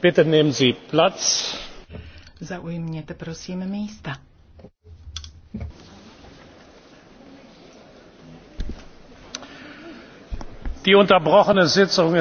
Bitte nehmen Sie Platz. Zaujměte prosím místa. Die unterbrochene Sitzung